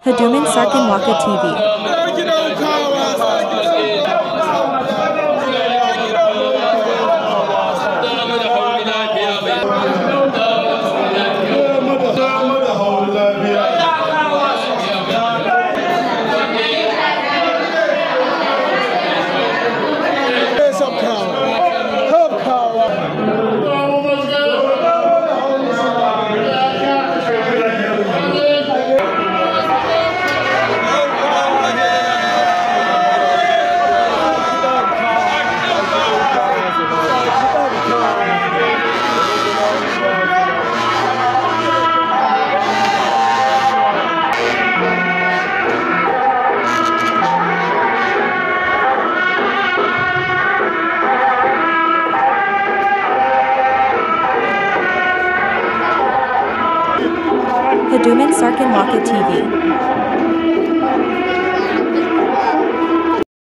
Haduman Sarkin Waka TV. Haduman Sarkin Waka TV.